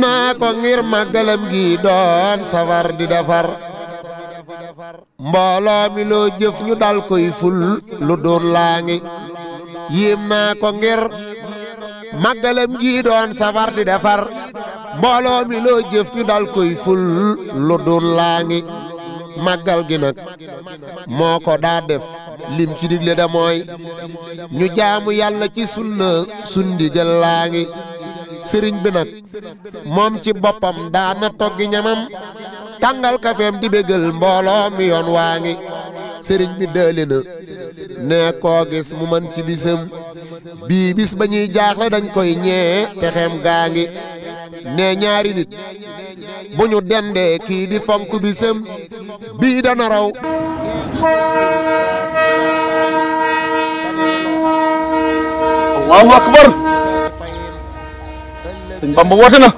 naa ngir màggalam gi doon safar di defar mbooloo loo jëf ñu dal koy ful lu gi doon di defar mbooloo mi loo jëf ngi màggal gi nag moo ko daa def lim ci digle da ñu jaamu yàlla ci sunna sundigal sëriñ bi nag moom ci boppam daana toggi ñamam tàngal kafeem di bégal mbooloo mi yoon waa ngi sëriñ bi dëli na ne koo gis mu man ci bisam bii bis ba ñuy jaaxle dañ koy ñee te xem gaa ngi ne ñaari nit bu ñu dendee kii di fonk bisam bii dana raw sëñ Bamba woote na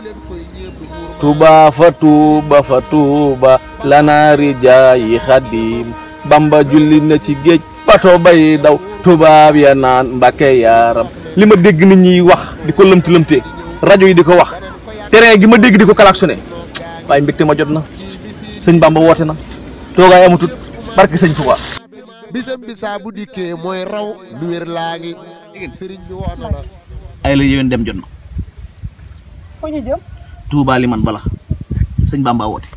tuuba fa tuuba fa tuuba lana rijaayi xadim Bamba julli na ci géej bato bay daw tubaab ya naan mbàkke yaaram li ma dégg nit ñi wax di ko lëmti lëmte rajo yi di ko wax terrain gi ma dégg di ko klaxonné waaye mbégte ma jot na sëñ woote na toogaay amatut barke sëñ Tuuba bisam bisaa bu dikkee mooy raw lu wér la ay la yéwén dem jot foo ñu jëm touba liman bala sëñ bamba wote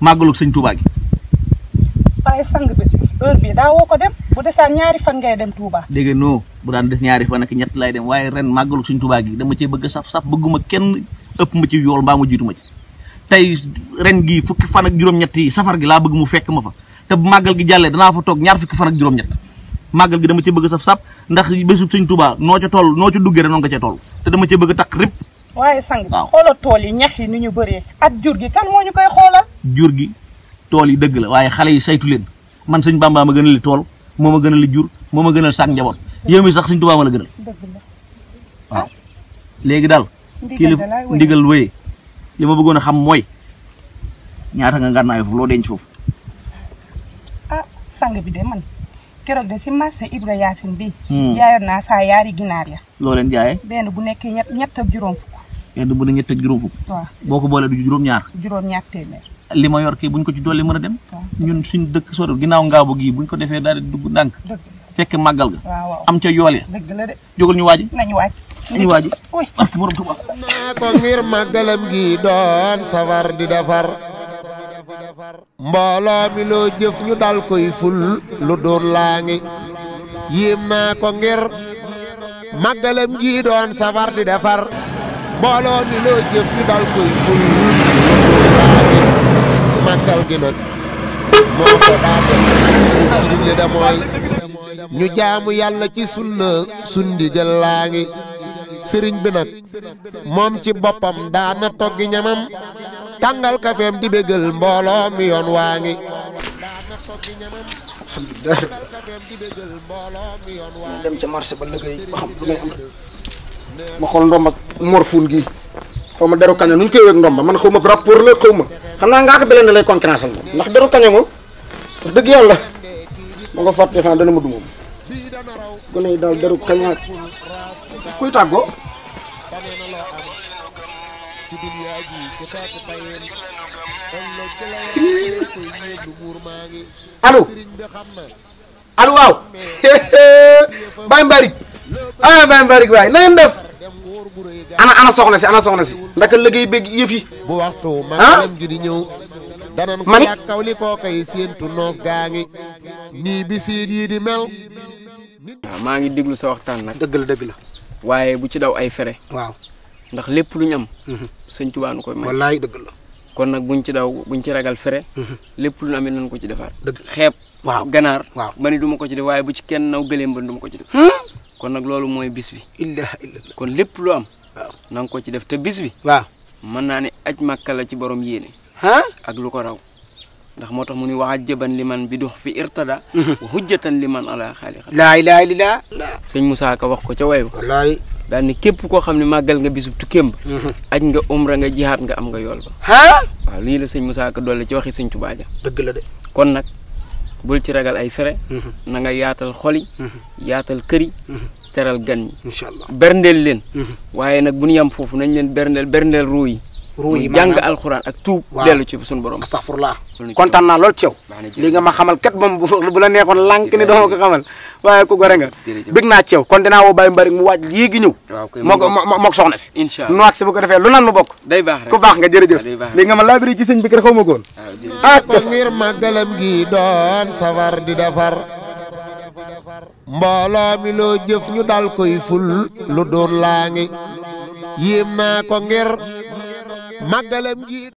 magaluk sëñ touba gi waaye sang gitu, bi heur bi da woko dem bu desaan ñaari fan ngay dem touba Dege no bu daan des ñaari fan ak ñett lay dem waye ren magaluk sëñ touba gi dama ci bëgg saf saf bëgguma kenn ëpp ma ci yool ba ma jiitu ma ci tay ren gi fukki fan ak juroom ñett safar gi la bëgg mu fekk ma fa te magal gi jàllee danaa fa tok ñaar fukki fan ak juroom ñett magal gi dama ci bëgg saf sap ndax besu sëñ touba no ca toll no ca duggé rek noonu nga ca toll te dama ci bëgg tak rip waye sang xoolal tool yi ñax yi ni ñu bëree ak jur gi kan moo ñu koy xolal jur gi tool yi deug la waye xalé yi saytu leen man señ bamba ma gënal li tool moma gënal li jur moma gënal sànq njabot yow mi sax señ tuba ma la gënal waaw léegi daal kilif ndigal wéye li ma bëggoon xam mooy ñaata nga ngànnaayu fu lo denc fu ah sang bi de man kérok de ci marché Ibra Yaasin bi hmm. jaayona sa yaari ginaar ya lo len jaay benn bu nekk ñet ñet ak juroom fuk kenn bu ne ñett juroom fuk boko ko du juroom ñaar juroom ñaar téeméer lima yor kii buñ ko ci dolli mëna dem ñun suñ dëkk soor ginaaw ngaabu gi buñ ko défé daal dugg dank fekk magal ga am ca yool ya jógal ñu waaji ñu waji nañu waaji barke borom tuba ko ngir màggalam gi doon safar di dafar mbooloo mi lo jëf ñu dal koy ful lu doon laangi ngi yéem ko ngir magalam gi doon safar di dafar mbooloo mi loo jëf ñu dal koy ful laabi màggal gi nag moo ko daa def liñ ci jaamu yàlla ci sunna sundi jël laa ngi sëriñ bi nag moom ci boppam daana toggi ñamam tàngal kafeem di bégal mbooloo mi yoon waa ngi alhamdulilah ma ndom ak morfun gi xawma deru kaña nuñ koy ndom ba man xawma rapport la xawma xana nga ak beleen lay concurrence moom ndax deru kaña moom wax deug yalla ma nga fàtte xanaa dana ma du moom gone yi deru kaña kuy tàggoo allo allo waaw Baye Mbarik ah Baye Mbarik waay na def ana ana soxna si ana soxna si ndaka liggéey bég yëf yi bu waxtu ah? magalam gi di ñëw danan ko yàkkaw li koo koy séentu gaa ngi nii bi siit ah, maa ngi déglu sa waxtaan nag dëgg la dëgg la waaye bu ci daw ay fere waaw ndax lépp lu ñu am mhm. sëñ Tuubaa nu koy may dëgg la kon nag buñ ci daw buñ ci ragal fere mhm. lépp lu ñu amee nañ ko ci defaat dëgg xeeb waaw ganaar waaw ma du ma ko ci def waaye bu ci kenn naw gëleem ba du ko ci def hmm? kon nag loolu mooy bis bi. kon lépp lu am. waaw ko ci def te bis bi. waaw mën naa ni aj màkka la ci borom yéene. ak lu ko raw. ndax moo tax mu ni wax a jëban li man bi dox fi irtada. Mhm. wa hujjatan li man ala xaaliqa. laa ilaaha illallaah. sëñ Moussa Ka wax ko ca way ba. wallaay daal ni képp koo xam ne màggal nga bisub tukkeem ba. Mhm. aj nga umra nga jihaat nga am nga yool ba. waaw lii la sëñ Moussa Ka doole ci waxi sëñ Tuubaa ja. dëgg la de kon nag. bul ci ragal ay fere mhm. na nga yaatal xol yi mhm. yaatal kër yi mhm. teral gan ñi incha allah berndeel leen waaye nag bu ñu yam foofu nañ leen berndeel berndeel ruu yi yi jàng alxuraan ak tuub dellu ci suñu borom astaghfirullah kontaan naa lool ci yow li nga ma xamal kat moom bu la neexoon lànk ni ko xamal waye ko gore nga big na ciow kon dina wo Baye Mbari mu waaj léegi ñëw mok mok soxna ci inshallah nu wax ci bu ko defé lu nan mu bok day bax rek ku bax nga jërëjëf li nga ma laabiri ci señ bi kër xaw ma ak ah, ko ngir magalam gi doon sawar di defar mbolo mi lo jëf ñu dal koy ful lu doon laangi ngi yéem ko ngir magalam gi